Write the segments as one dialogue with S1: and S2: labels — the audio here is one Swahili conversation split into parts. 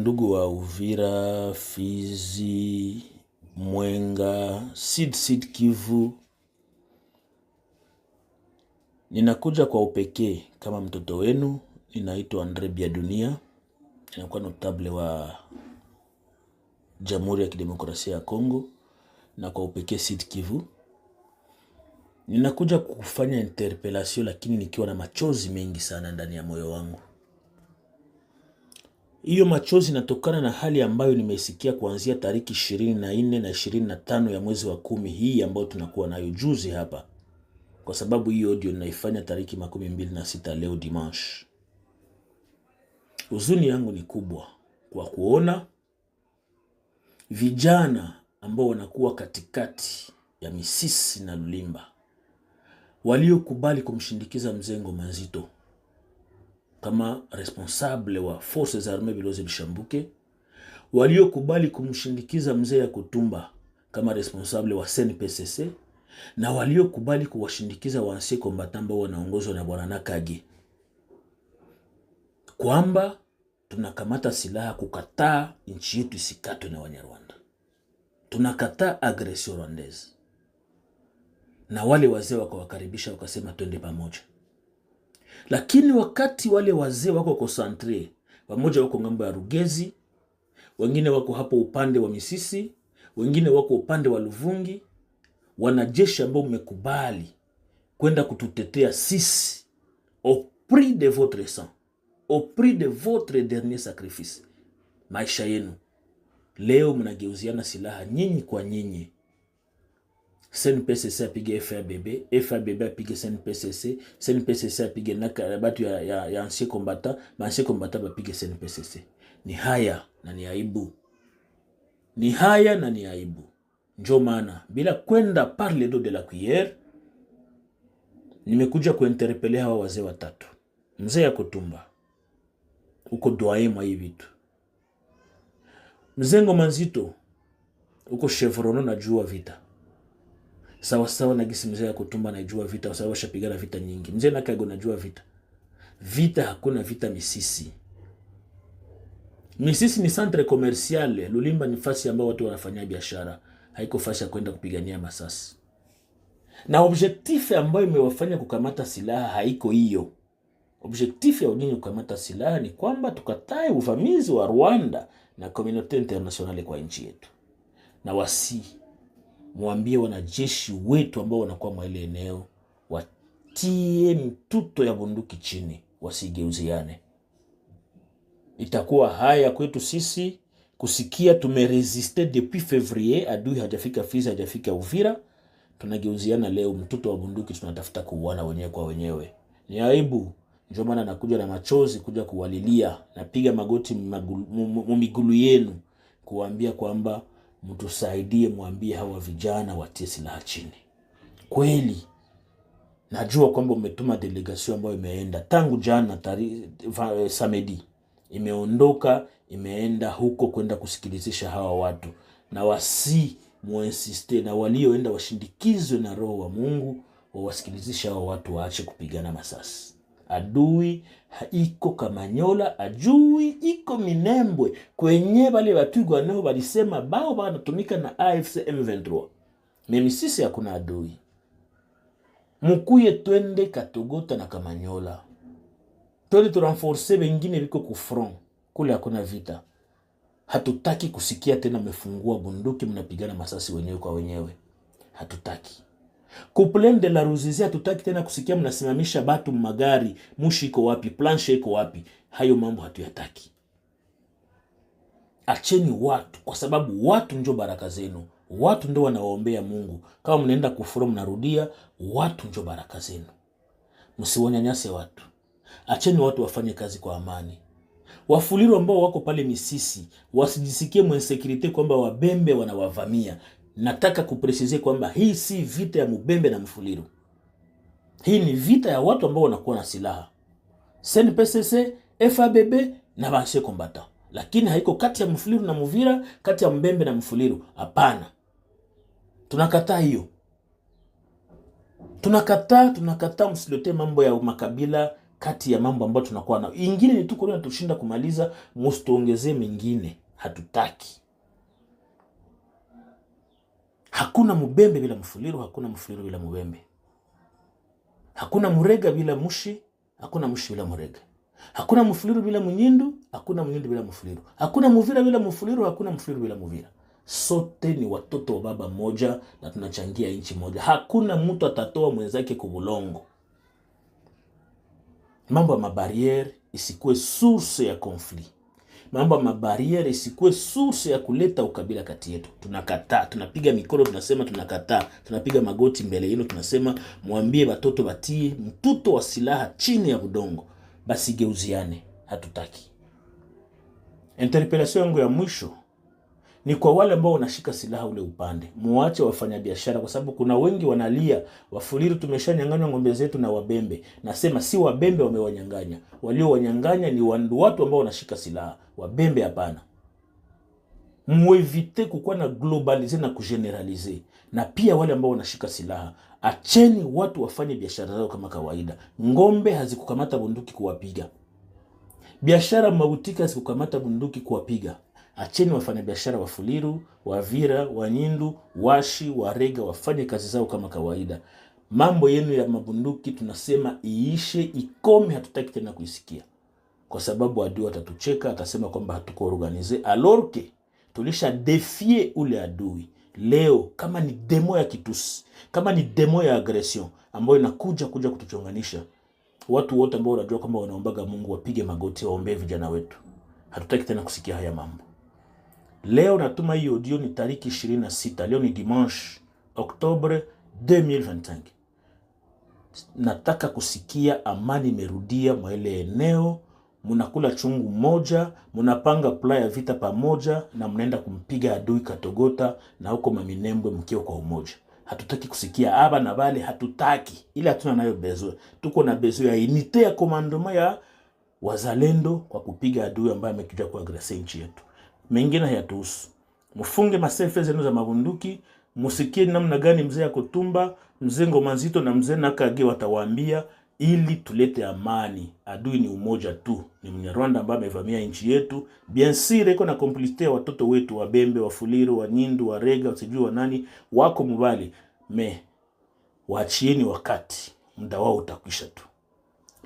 S1: ndugu wa Uvira, Fizi, Mwenga, sid sid Kivu. Ninakuja kwa upekee kama mtoto wenu. Ninaitwa Andre Bia Dunia, ninakuwa notable wa Jamhuri ya Kidemokrasia ya Kongo na kwa upekee sid Kivu. Ninakuja kufanya interpelation lakini nikiwa na machozi mengi sana ndani ya moyo wangu. Hiyo machozi inatokana na hali ambayo nimesikia kuanzia tariki ishirini na nne na ishirini na tano ya mwezi wa kumi hii ambayo tunakuwa nayo juzi hapa, kwa sababu hiyo audio ninaifanya tariki makumi mbili na sita leo dimanche. Huzuni yangu ni kubwa kwa kuona vijana ambao wanakuwa katikati ya misisi na lulimba waliokubali kumshindikiza mzee Ngoma Nzito kama responsable wa forces armées Bilose Bishambuke waliokubali kumshindikiza mzee ya Kutumba kama responsable wa CNPSC na waliokubali kuwashindikiza wansie combatant wanaongozwa na bwana Nakagi, kwamba tunakamata silaha kukataa nchi yetu isikatwe na Wanyarwanda, tunakataa agresio rwandese. Na wale wazee wakawakaribisha wakasema twende pamoja. Lakini wakati wale wazee wako konsantre, wamoja wako ngambo ya Rugezi, wengine wako hapo upande wa Misisi, wengine wako upande wa Luvungi, wanajeshi ambao mmekubali kwenda kututetea sisi au prix de votre sang, au prix de votre dernier sacrifice, maisha yenu. Leo mnageuziana silaha nyinyi kwa nyinyi. CNPCC apige FRBB, FRBB apige CNPCC, CNPCC apige na batu ya, ya, ya ancien combattant, ba ancien combattant bapige CNPCC. Ni haya na ni aibu, ni haya na ni aibu. Njo maana bila kwenda par le dos de la cuillere, nimekuja kuinterpele hawa wazee watatu. Mzee ya Kutumba uko doyen mwa hii vitu, mzee manzito uko chevrono na jua vita sawa sawa na gisi mzee ya kutumba najua vita, kwa sababu ashapigana vita nyingi. Mzee na kago najua vita. Vita hakuna vita misisi. Misisi ni centre commercial, Lulimba ni fasi ambayo watu wanafanya biashara, haiko fasi ya kwenda kupigania masasi. Na objectif ambayo imewafanya kukamata silaha haiko hiyo. Objectif ya unyinyi kukamata silaha ni kwamba tukatae uvamizi wa Rwanda na community internationale kwa nchi yetu na wasii mwambie wanajeshi wetu ambao wanakuwa mwa ile eneo watie mtuto ya bunduki chini, wasigeuziane. Itakuwa haya kwetu sisi kusikia tumeresiste depuis fevrier, adui hajafika Fizi, hajafika Uvira, tunageuziana leo mtuto wa bunduki, tunatafuta kuuana wenyewe kwa wenyewe. Ni aibu. Ndio maana nakuja na machozi kuja kuwalilia, napiga magoti mumigulu yenu kuwaambia kwamba mtusaidie, mwambie hawa vijana watie silaha chini. Kweli najua kwamba umetuma delegasio ambayo imeenda tangu jana eh, samedi, imeondoka imeenda huko kwenda kusikilizisha hawa watu, na wasi muinsiste na walioenda washindikizwe na Roho wa Mungu wawasikilizisha hawa watu waache kupigana masasi adui iko Kamanyola, ajui iko Minembwe, kwenye bale batwigwa nao balisema bao banatumika na AFC M23. Mimi sisi hakuna adui, mukuye twende Katogota na Kamanyola, twende turenforce bengine biko ku front kule, hakuna vita. Hatutaki kusikia tena mefungua bunduki mnapigana masasi wenyewe kwa wenyewe, hatutaki. Complain de la Ruzizi, hatutaki tena kusikia mnasimamisha batu magari, mushi iko wapi? Planche iko wapi? Hayo mambo hatuyataki. Acheni watu, kwa sababu watu njo baraka zenu, watu ndio wanawaombea Mungu. Kama mnaenda kufuru, mnarudia, watu njo baraka zenu. Msiwanyanyase watu, acheni watu wafanye kazi kwa amani. Wafuliru ambao wako pale Misisi wasijisikie mwensekirite kwamba wabembe wanawavamia nataka kupresize kwamba hii si vita ya Mubembe na Mfuliru. Hii ni vita ya watu ambao wanakuwa na silaha SNPCC, FABB na bashe kombata, lakini haiko kati ya Mfuliru na Muvira, kati ya Mbembe na Mfuliru. Hapana, tunakataa hiyo, tunakataa, tunakataa. Msilete mambo ya makabila kati ya mambo ambayo tunakuwa nayo. Ingine ni tuko na tushinda kumaliza, msituongezee mengine, hatutaki. Hakuna mubembe bila mfuliru, hakuna mfuliru bila mubembe, hakuna murega bila mushi, hakuna mushi bila murega, hakuna mfuliru bila munyindu, hakuna munyindu bila mfuliru. hakuna muvira bila mfuliru, hakuna mfuliru bila muvira. Sote ni watoto wa baba moja na tunachangia nchi moja. Hakuna mtu atatoa mwenzake kubulongo. Mambo ya mabariere isikuwe source ya konflit mambo ya mabariere isikuwe source ya kuleta ukabila kati yetu. Tunakataa, tunapiga mikono, tunasema tunakataa, tunapiga magoti mbele yenu, tunasema mwambie watoto batie mtuto wa silaha chini ya udongo, basi geuziane, hatutaki. Interpellation yangu ya mwisho ni kwa wale ambao wanashika silaha ule upande, muache wafanyabiashara, kwa sababu kuna wengi wanalia, Wafuliru tumeshanyang'anywa ng'ombe zetu na Wabembe. Nasema si Wabembe wamewanyang'anya, waliowanyang'anya ni watu ambao wanashika silaha. Wabembe hapana. Muevite kukuwa na globalize na kugeneralize, na pia wale ambao wanashika silaha, acheni watu wafanye biashara zao kama kawaida. Ng'ombe hazikukamata bunduki kuwapiga, biashara mautika hazikukamata bunduki kuwapiga. Acheni wafanyabiashara wa Fuliru, Wavira, Wanyindu, Washi, Warega wafanye kazi zao kama kawaida. Mambo yenu ya mabunduki tunasema iishe, ikome. Hatutaki tena kuisikia, kwa sababu adui atatucheka, atasema kwamba hatuko organize, alorke tulisha defie ule adui. Leo kama ni demo ya kitusi, kama ni demo ya agresion ambayo inakuja kuja kutuchonganisha watu wote ambao wanajua kwamba wanaombaga Mungu wapige magoti, waombee vijana wetu. Hatutaki tena kusikia haya mambo. Leo natuma hii audio ni tariki 26, leo ni dimanche Oktobre 2025. Nataka kusikia amani imerudia mwa ile eneo, munakula chungu moja, munapanga pla ya vita pamoja, na mnaenda kumpiga adui Katogota na huko Maminembwe mkiwa kwa umoja. Hatutaki kusikia aba na bale, hatutaki ile, hatuna nayo bezwe. Tuko na bezwe ya unite ya komandoma ya wazalendo kwa kupiga adui ambaye amekuja kuagrese nchi yetu mengine hayatuhusu. Mfunge masefe zenu za mabunduki, musikie namna gani mzee ya Yakotumba, mzee Ngoma Nzito na mzee Nakage watawaambia ili tulete amani. Adui ni umoja tu, ni Mnyarwanda ambaye amevamia nchi yetu. Bien sire iko na komplicite ya watoto wetu Wabembe, Wafuliro, Wanyindu, Warega, sijui wa nani wako mbali. me, waachieni wakati, muda wao utakwisha tu,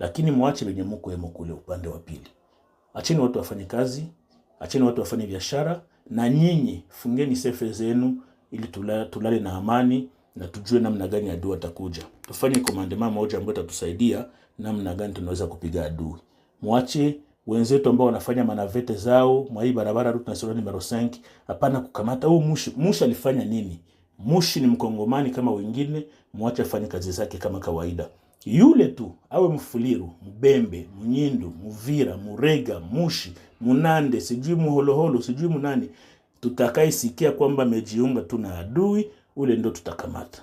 S1: lakini mwache wenye muko hemo kule upande wa pili. Acheni watu wafanye kazi acheni watu wafanye biashara, na nyinyi fungeni sefe zenu ili tulale na amani na tujue namna gani adui atakuja. Tufanye commandement moja ambayo itatusaidia namna gani tunaweza kupiga adui. Mwache wenzetu ambao wanafanya manavete zao mwa hii barabara Route Nationale numero 5, hapana kukamata huu mushi. Mushi alifanya nini? Mushi ni mkongomani kama wengine, mwache afanye kazi zake kama kawaida yule tu awe Mfuliru, Mbembe, Mnyindu, Mvira, Murega, Mushi, Munande, sijui Muholoholo, sijui Munani, tutakaisikia kwamba amejiunga tu na adui ule, ndo tutakamata.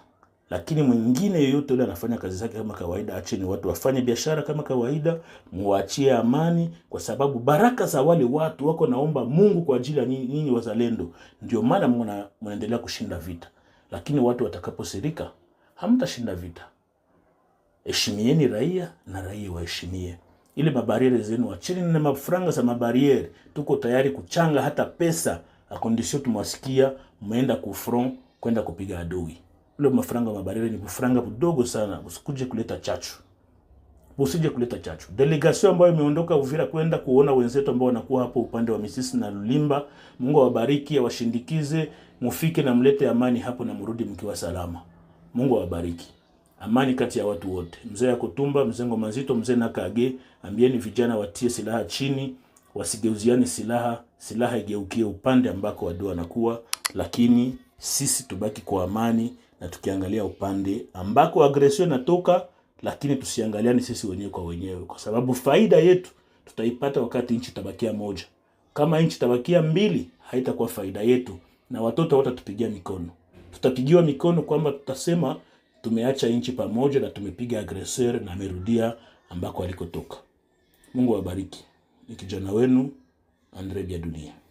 S1: Lakini mwingine yoyote ule anafanya kazi zake kama kawaida, acheni watu wafanye biashara kama kawaida, muachie amani, kwa sababu baraka za wale watu wako naomba Mungu kwa ajili ya nyinyi wazalendo. Ndio maana mnaendelea kushinda vita, lakini watu watakaposirika hamtashinda vita. Heshimieni raia na raia waheshimie. Ile mabariere zenu wachini na mafranga za mabariere, tuko tayari kuchanga hata pesa akondisio tumwasikia mmeenda ku front kwenda kupiga adui. Ule mafranga wa mabariere ni bufranga budogo sana, usikuje kuleta chachu. Usije kuleta chachu. Delegation ambayo imeondoka Uvira kwenda kuona wenzetu ambao wanakuwa hapo upande wa Misisi na Lulimba, Mungu awabariki, awashindikize, mufike na mlete amani hapo na mrudi mkiwa salama. Mungu awabariki amani kati ya watu wote. Mzee ya Yakutumba, mzee Ngoma Nzito, mzee Nakage, ambieni vijana watie silaha chini, wasigeuziane silaha, silaha igeukie upande ambako wadui wanakuwa, lakini sisi tubaki kwa amani na tukiangalia upande ambako agresio inatoka, lakini tusiangaliane sisi wenyewe kwa wenyewe, kwa sababu faida yetu tutaipata wakati nchi tabakia moja. Kama nchi tabakia mbili, haitakuwa faida yetu, na watoto watatupigia mikono. Tutapigiwa mikono kwamba tutasema tumeacha nchi pamoja na tumepiga agresseur na amerudia ambako alikotoka. Mungu awabariki. Ni kijana wenu Andre Bya Dunia.